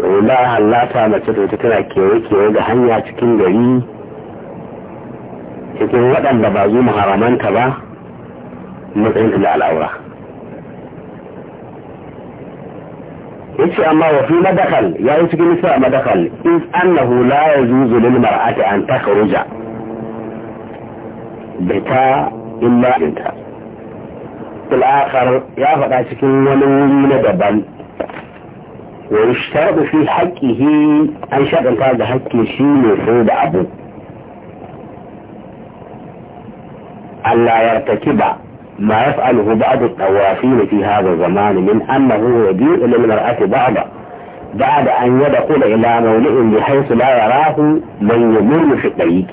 ba halata mace to tana kewa-kewa ga hanya cikin gari cikin waɗanda ba zu haramanta ba matsayin da al'aura ya ce amma wa fi madakal ya yi cikin nisa madakal in annahu la yajuzu lil mar'ati an takhruja bita illa inta al ya faɗa cikin wani wuri na daban ويشترط في حقه أن شغلت هذا حقه شيء مفروض أبوه ألا يرتكب ما يفعله بعض الطوافين في هذا الزمان من أنه يبيع للمرأة بعض بعد أن يدخل إلى مولئ بحيث لا يراه من يمر في الطريق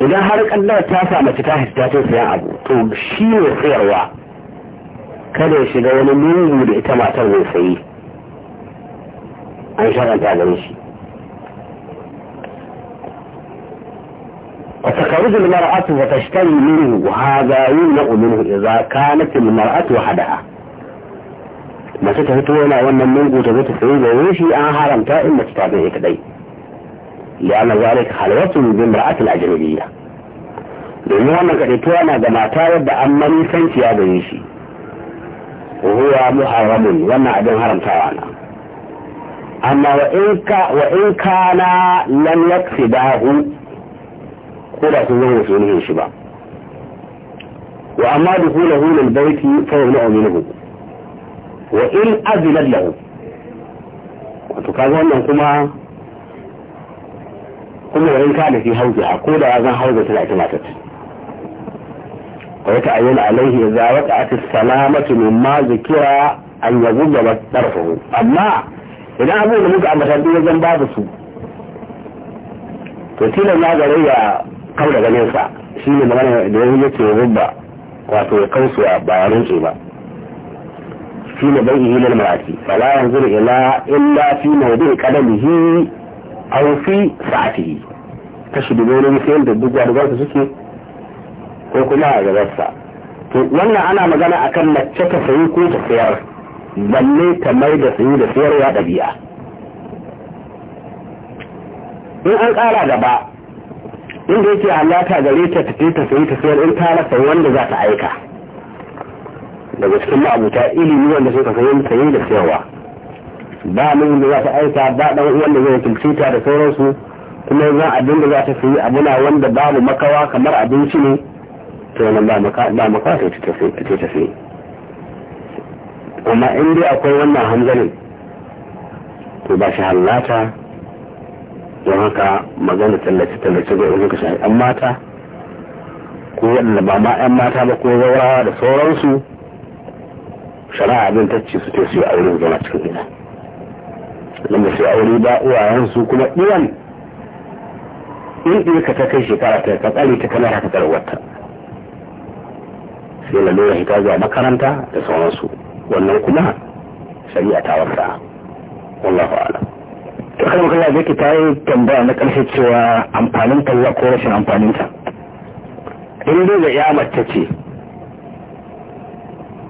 إذا هلك الله تاسع ما تتاهز في أبو تو شيء خير واحد kada ya shiga wani lungu da ita matar mai sayi an shaganta gare shi a tsakarar da mara'atu wata shi minhu haga yi na uminu ya za ka na filin hada a? masu ta fito yana wannan lungu ta zata sayi da shi an haramta in mace ta zai kadai ya na zare ka halwatu bi mara'atu ajnabiyya domin wannan kadaituwa na ga mata yadda an manufanciya da shi huwa muharramun wannan abin haramtawa na amma wa in ka wa in kana lam yakfidahu ko da sun zama su nihin shi ba wa amma dukhulahu lil bayti fa yamna'u minhu wa in azila lahu wato kaga wannan kuma kuma in kana fi hauza ko da ya zan hauza tana ita matar wata ayin alaihi za a wata ati salamatu min ma zikira an yabu da matsarfu amma idan abubuwan da muka ambata duk wajen babu su to shi ne na gare ya kawai da ganin sa shi ne magana da yanzu yake rubba wato ya kau su a bayanin ce ba shi ne bai yi lal marati fala yanzu da ila illa fi mawdin kadamihi aw fi sa'atihi kashi dubo ne sai da duk wani ba su suke ko kuma a gabarsa to wannan ana magana akan mace ta sayi ko ta sayar balle ta mai da sayi da sayarwa ɗabi'a in an kara gaba inda yake halata gare ta tafi ta sayi ta sayar in ta rasa wanda za ta aika daga cikin ma'abuta ilimi wanda suka sayi sayi da sayarwa ba mun da za ta aika ba dan wanda zai tilce ta da sauransu kuma za abin da za ta sayi abu na wanda babu makawa kamar abinci ne to ba maka ba maka ta tafi amma in dai akwai wannan hamzalin to ba shi hallata don haka magana tallace tallace ga yanzu ka shi mata ko waɗanda ba ma 'yan mata ba ko zaurawa da sauransu shari'a abin ta ce su ce su yi aure zama cikin gida idan ba su yi aure ba uwayensu kuma iyan in ɗin ka ta kai shekara ta ka tsare ta kamar haka tsarwarta sai lalura hita zuwa makaranta da sauransu wannan kuma shari'a ta wasa wallahu a'lam to kai muka zai ta tayi tambaya na karshe cewa amfanin talla ko rashin amfanin ta in dai ga ya mace ce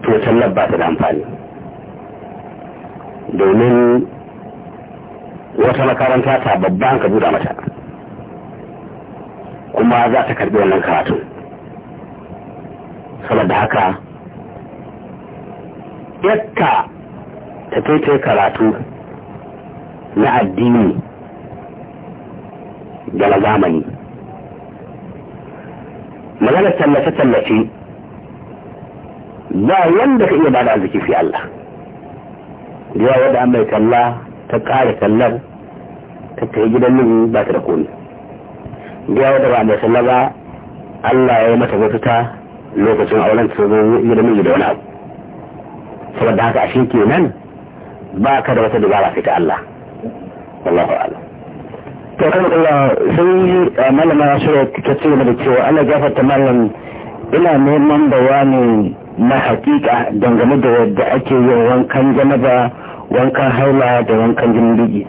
to tallar ba ta da amfani domin wata makaranta ta babban ka buɗa mata kuma za ta karɓi wannan karatun saboda haka yadda ta kai karatu na addini da na zamani maganar tallace-tallace ba wanda ka iya bada arziki fi Allah jiya wadda an bai talla ta ƙara tallar ta kai gidan nuhu ba ta da komi jiya wadda ba mai talla ba Allah ya yi mata ta. lokacin auren su zo yi da miji da wani abu saboda haka ashe kenan ba ka da wata dubara sai ta Allah wallahu a'lam to kan Allah sai eh, malama shirya ta ce da cewa ya gafarta malam ina neman bayani na hakika dangane da yadda ake yin wankan janaba wankan haila da wankan jindigi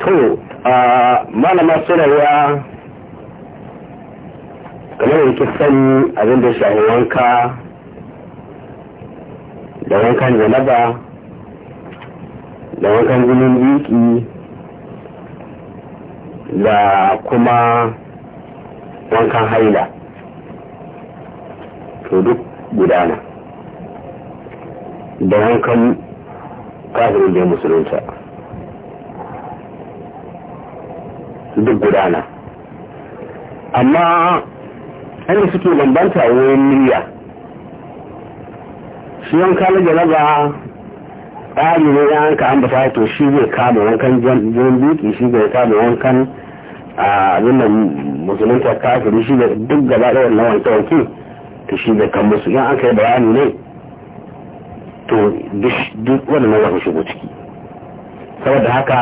to ah, malama ya. kamar da sani abin da shahi wanka da wankan janaba da wankan jinin biki da kuma wankan haila to duk gudana da wankan kafirin da musulunta duk gudana amma inda suke bambanta wurin miliya shi wanka na jaraba tsari ne ya an ka ambata to shi zai kama wankan jirin duki shi zai kama wankan a da musulunta kafiri shi zai duk gaba ɗaya na wanke wanke to shi zai kan musu yan an kai bayani ne to duk waɗannan za ku shigo ciki saboda haka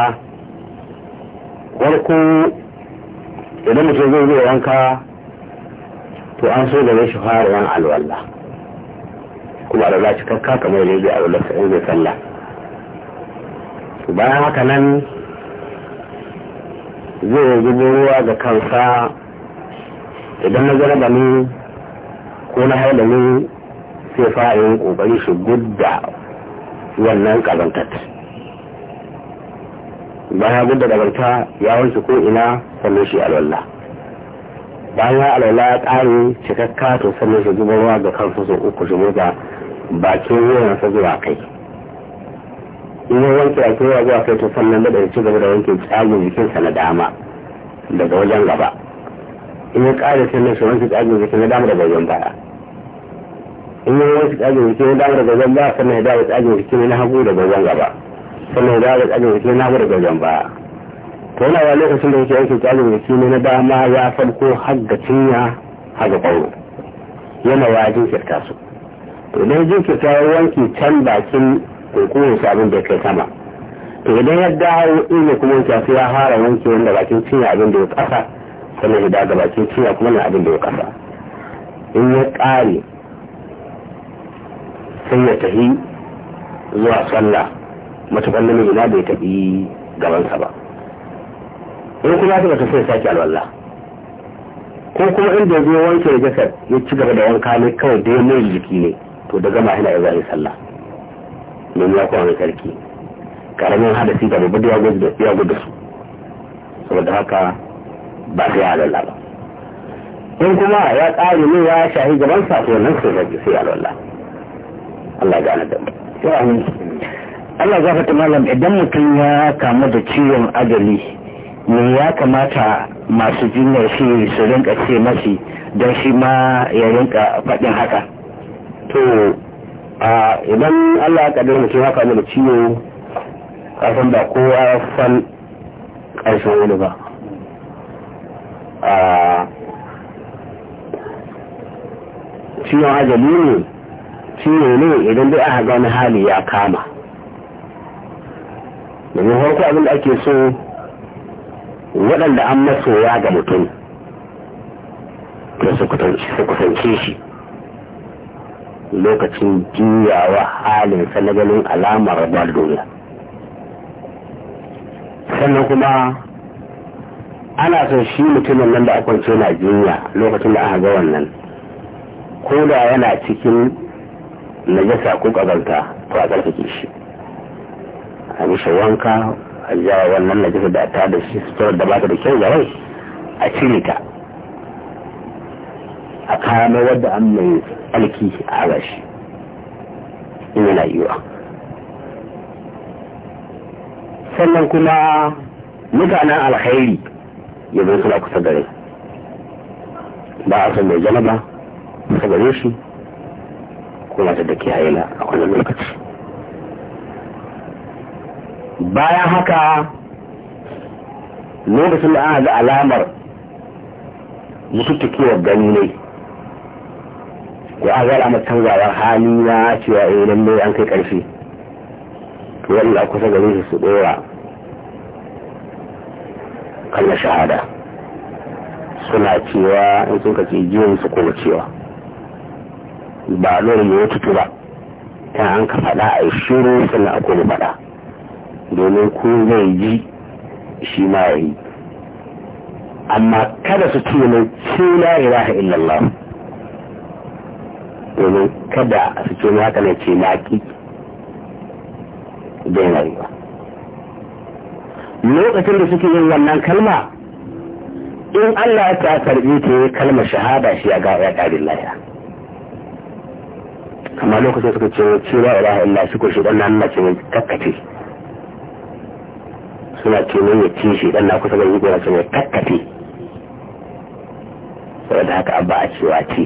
warko idan mutum zai zai wanka to an so da shi yan alwala kuma da za shi kakka kamar da a alwala sa zai sallah bayan haka nan zai yanzu ruwa ga kansa idan na jaraba ne ko na haila ne sai yin kokari shi gudda wannan kazantar bayan gudda da ya wanke ko ina sannan shi alwallah bayan ya alaula ya ƙare cikakka to sannan shi zuba ruwa ga kansu sun uku shi murza bakin wuyansa zuwa kai in ya wanke a kewa zuwa kai to sannan da ci gaba da wanke tsagin jikinsa na dama daga wajen gaba in ya ƙare sannan shi wanke tsagin jikin na dama daga wajen baya in ya wanke tsagin jikin na dama daga wajen baya sannan ya dawo tsagin jikin na hagu daga wajen gaba sannan ya dawo tsagin jikin na hagu daga wajen baya to yana wa lokacin da yake yanke kyalin da ne na dama ya farko har ga cinya har ga ƙwaro yana wa jinkirta su to idan jinkirta ya wanke can bakin kunkurin abin da kai sama to idan ya dawo ina kuma wanke su ya fara wanke wanda bakin cinya abin da ya ƙasa sannan ya daga bakin cinya kuma na abin da ya ƙasa in ya ƙare sai ya tafi zuwa sallah matuƙar namiji na bai tafi gabansa ba in kuma ta bata sai sake alwala ko kuma inda ya zo wanke da jasad ya ci gaba da wanka ne kawai da ya mai jiki ne to da gama yana ya sallah domin ya kuma mai sarki karamin hadasi da babu da ya gudu su saboda haka ba sai ya alwala ba in kuma ya tsari ne ya shahi gaban sa to nan sai zaki sai alwala Allah ya nan da Allah zafata malam idan mutum ya kamu da ciwon ajali me ya kamata masu jinyar shi su rinka ce mashi don shi ma ya rinka faɗin haka to a idan allah ya kaɗe mutum haka da ciwo kasan da kowa san ƙarshen wani ba a ciwon ajali ne ciwo ne idan dai aka gani hali ya kama domin farko abin da ake so waɗanda an masoya ga mutum to su kusance shi lokacin juyawa halin na ganin alamar bar duniya sannan kuma ana son shi mutumin nan da a kwance na jinya lokacin da aka ga wannan ko da yana cikin najasa ko kabarta to a ƙarfake shi a mishi wanka ya wannan najasa da ta da shi sutura da bata da kyau ga rai a cire ta a kama wadda an mai alki a rashi in yana yiwa sannan kuma mutanen alkhairi ya yanzu suna kusa gare ba a san mai ba kusa gare shi kuma ta da ke haila a wannan lokaci bayan haka lokacin da an da alamar mutuntukewar gani ne ko an zara mata canzawar hali na cewa eh lalle an kai ƙarfi to wanda kusa gare su su dora kalmar shahada suna cewa in sun ka ce jiwon su kuma cewa ba lori ne wata tuba ta an ka fada a shiru sannan akwai faɗa domin ko zai yi shi ma ya yi amma kada su ce mai ce la ilaha illallah domin kada su ce mai haka ne ce na ki daina lokacin da suke yin wannan kalma in Allah ya ta karbi ta yi kalmar shahada shi ya ga ya laya amma lokacin suka ce ce la ilaha illallah shi ko shi nan na ce kakkace suna ce mun ya ci shi dan na kusa bai gora sai ya kakkafe saboda haka abba a cewa ce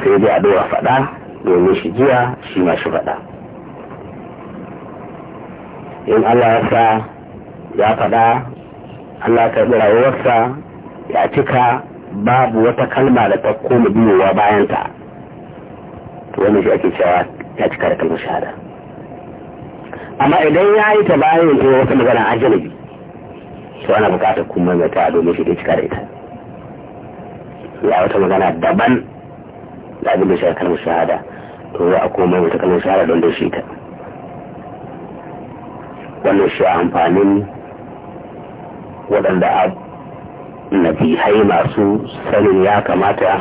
sai dai a dora faɗa domin shi jiya shi ma shi faɗa in Allah ya ya faɗa Allah ta rayuwarsa ya cika babu wata kalma da ta koma biyowa bayanta to wani shi ake cewa ya cika da kalmar shahada amma idan ya yi ta bayan ko wata magana ajanabi to ana bukatar kuma mai ta domin shi ke cika da ita ya wata magana daban da abin da shi kalmar shahada to za a koma wata kalmar shahada don da shi ta wannan shi amfanin waɗanda a nabihai masu sanin ya kamata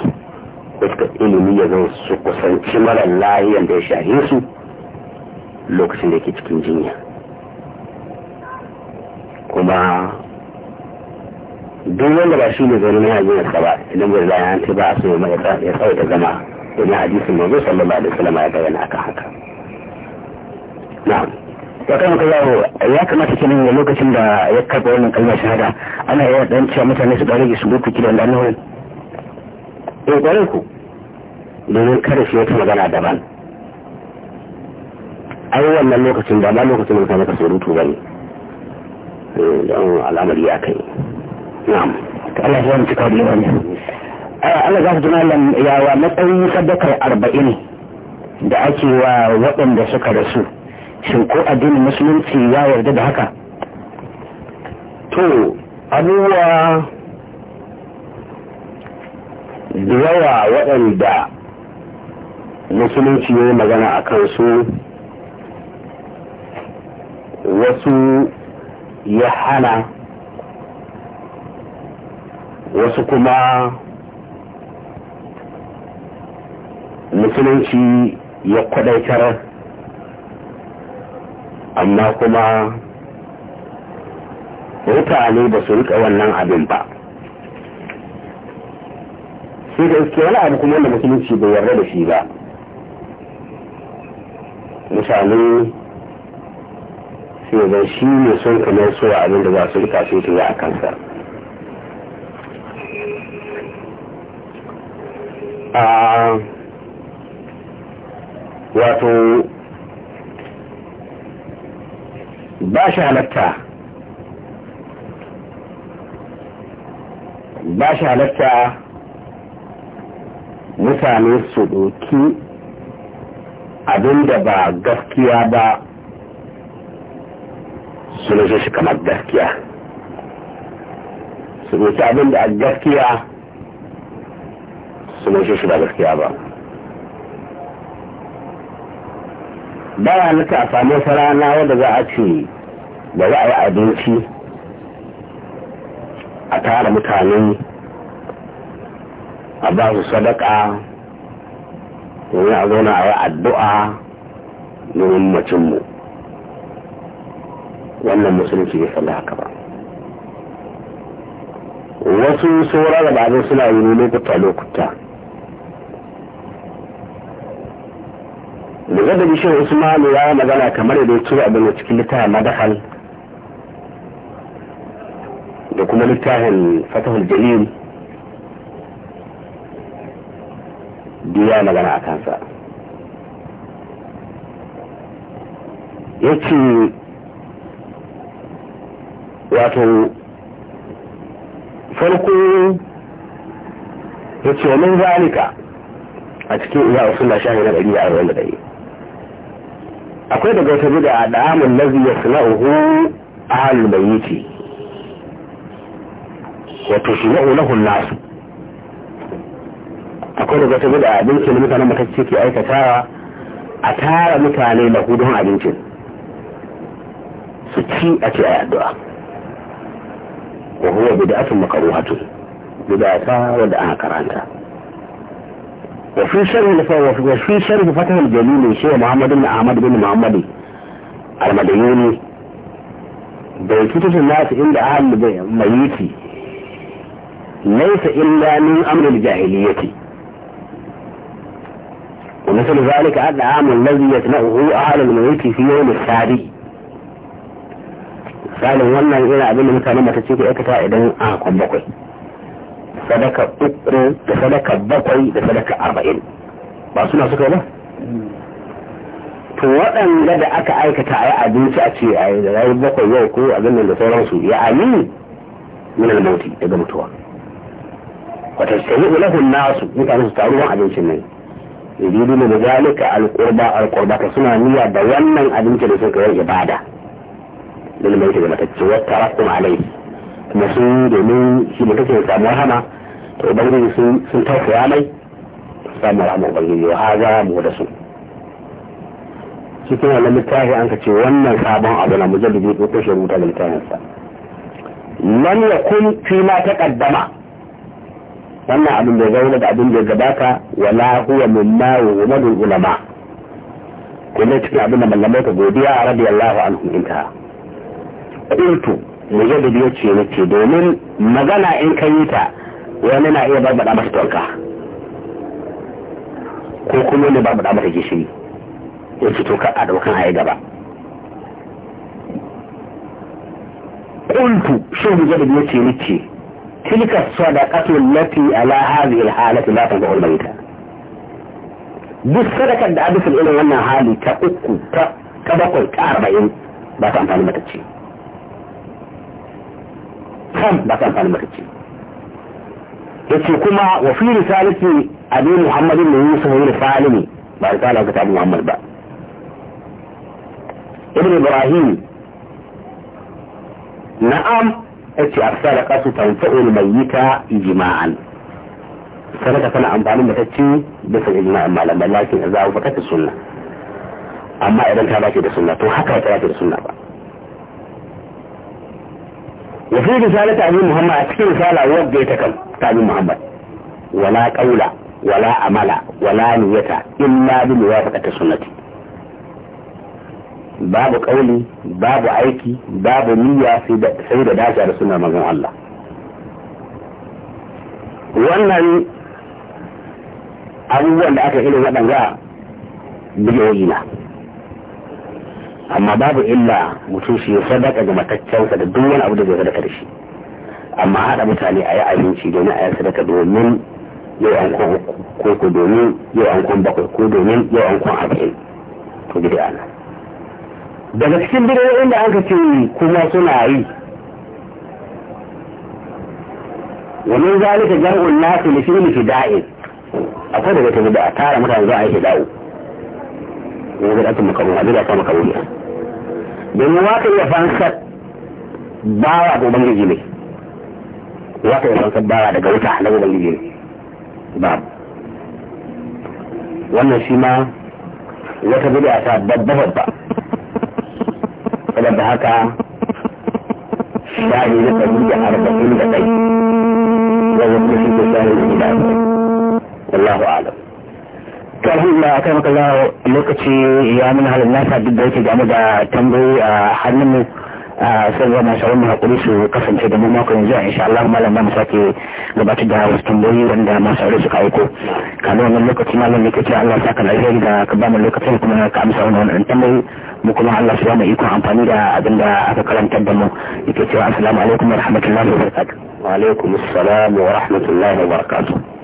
ko ilimi ya zai su kusanci mara lahiyar da ya shahe su lokacin da yake cikin jinya kuma duk wanda ba shi ne zaune na yajin sa ba idan bai zai hanci ba a so ya tsawo da zama domin hadisin manzo sallallahu da salama ya bayyana akan haka na ya kama ka yawo ya kamata kenan da lokacin da ya karɓa wannan kalmar shahada ana yi dan cewa mutane su ɗaure su duku kiran da annabi eh ƙwarin ku domin kada shi wata magana daban ai wannan lokacin ba ba lokacin da mutane ka surutu bane eh, don al'amari ya kai na'am Allah ya cika da yawan eh, Allah za su tuna lam wa matsayin sadakar arba'in da ake wa waɗanda suka rasu shin ko addinin musulunci ya yarda da haka to abubuwa da yawa waɗanda musulunci ya magana a kansu wasu ya hana wasu kuma musulunci ya kwadaitar amma kuma mutane ba su rika wannan abin ba sai da iske wani abu kuma da musulunci bai yarda da shi ba mutane sai zan shi ne son kamar so abin da za su rika su yi a kansa wato ba shi halatta ba shi halatta mutane su ɗoki abin da ba gaskiya ba su ne shi kamar gaskiya su roci abin da a gaskiya su ne shi ba gaskiya ba baya nuka a samu sarana wadda za a ce da za a yi abinci a tara mutane a ba su sadaka domin a zauna a yi addu'a domin macinmu wannan musulunci ya faɗi haka ba wasu da bazin suna wuri lokuta lokuta daga da bishiyar usmanu ya magana kamar da ya ciro abin da cikin littafin madahal da kuma littafin fatahul jalil ya magana a kansa ya ce wato farko ya ce wani zalika a cikin iya suna shahi na ɗari a da ɗari akwai daga wata bida da ɗamun nazi ya suna uhu a halin ce wato shi na ulahun nasu akwai daga wata bida abincin da mutanen matacce ke aikatawa a tara mutane da hudun abincin su ci a ce a yadda. وهو بدعة مكروهة بدعة ودعاها كرانتا وفي شرح وفي شرح فتح الجليل شيخ محمد بن أحمد بن محمد المديوني بيتوتة الناس إلا أهل ميتي ليس إلا من أمر الجاهلية ومثل ذلك العام الذي يتنأه أهل الميت في يوم السادي misalin wannan yana abin da mutane mata ce ke aikata idan a kwan bakwai sadaka uku da sadaka bakwai da sadaka arba'in ba suna suka ba to waɗanda da aka aikata a yi abinci a ce a yi da rayu bakwai yau ko abin da sauransu ya amini min al-mauti daga mutuwa wata shari'u lahu nasu mutane su taru abincin nan yuridu da zalika al-qurba al-qurbata suna niyya da wannan abinci da suka yi ibada lil mai da matacce wa tarakum alai kuma su domin shi da kake samu rahama to ubangiji sun sun ya mai samu rahama ubangiji wa haza mu da su cikin wannan littafi an ka ce wannan sabon abu na mujallidi ko kashe rubuta da littafinsa ya kun fi ma kaddama wannan abin da zauna da abin da gabata wala huwa wa yuhmadul ulama kuma cikin abin da mallamai ka godiya radiyallahu anhu inta qultu mujaddid ce nake domin magana in ka yi ta wani na iya barbada masa tonka ko kuma ne barbada masa gishiri ya to ka a daukan ayi gaba kuntu shi mujaddid ce nake tilka sadaqatu lati ala hadhihi alhalati la tanfa'u albayta duk sadakar da abisul irin wannan hali ta uku ta bakwai ta arba'in ba ta amfani mata ce خم بس أنا ما كنتي كنتي كما وفي رسالة أبي محمد اللي يوسف هي رسالني بعد قال أبو كتاب محمد بقى ابن إبراهيم نعم اتي أرسال قصو تنفع الميتة إجماعا سنك فانا أمبالي ما تتي بس إجماع ما لما لكن إذا وفقت السنة أما إذا كان باكي بسنة تو حكا يتراكي بسنة بقى wa fi risalata abi muhammad a cikin risala wadda ta kan tabi muhammad wala qaula wala amala wala niyata, illa bi muwafaqati sunnati babu kauli babu aiki babu niyya sai da dace da sunnar manzon Allah wannan abubuwan da aka irin waɗanda bidiyoyi na amma babu illa mutum shi ya sadaka ga matakkiyarsa da duk wani abu da zai sadaka da shi amma haɗa mutane a yi abinci domin a yi sadaka domin yau an kwan uku ko ko domin yau an kwan bakwai ko domin yau an kwan arba'in to gidi ana daga cikin bidiyoyin da aka ce kuma suna yi ومن ذلك جمع الناس لفعل فداء أقول لك تبدأ تارة مثلا ذا أي فداء makamu a مكروه أبدا makamu مكروه domin wata iya fansar bawa ga ubangiji ne wata iya fansar bawa daga wuta na ubangiji ne ba wannan shi ma wata a ta babba babba saboda haka shahi da ɗari da arba'in da ɗai ga wata shi ke shahi da gida wallahu alam to alhamdulillah akan maka za lokaci ya nuna halin nasa duk da yake game da tambayi a hannun a sai ga masu wani hakuri su kasance da mu mako yanzu a insha Allah malam ba mu sake gabatar da wasu tambayoyi wanda masu aure suka aiko kano wannan lokaci malam ne kace Allah saka alheri da ka ba mu lokacin kuma ka amsa wani wannan tambayi mu kuma Allah su ba mu ikon amfani da abin da aka karantar da mu yake cewa assalamu alaikum wa rahmatullahi wa barakatuh wa alaikum assalam wa rahmatullahi wa barakatuh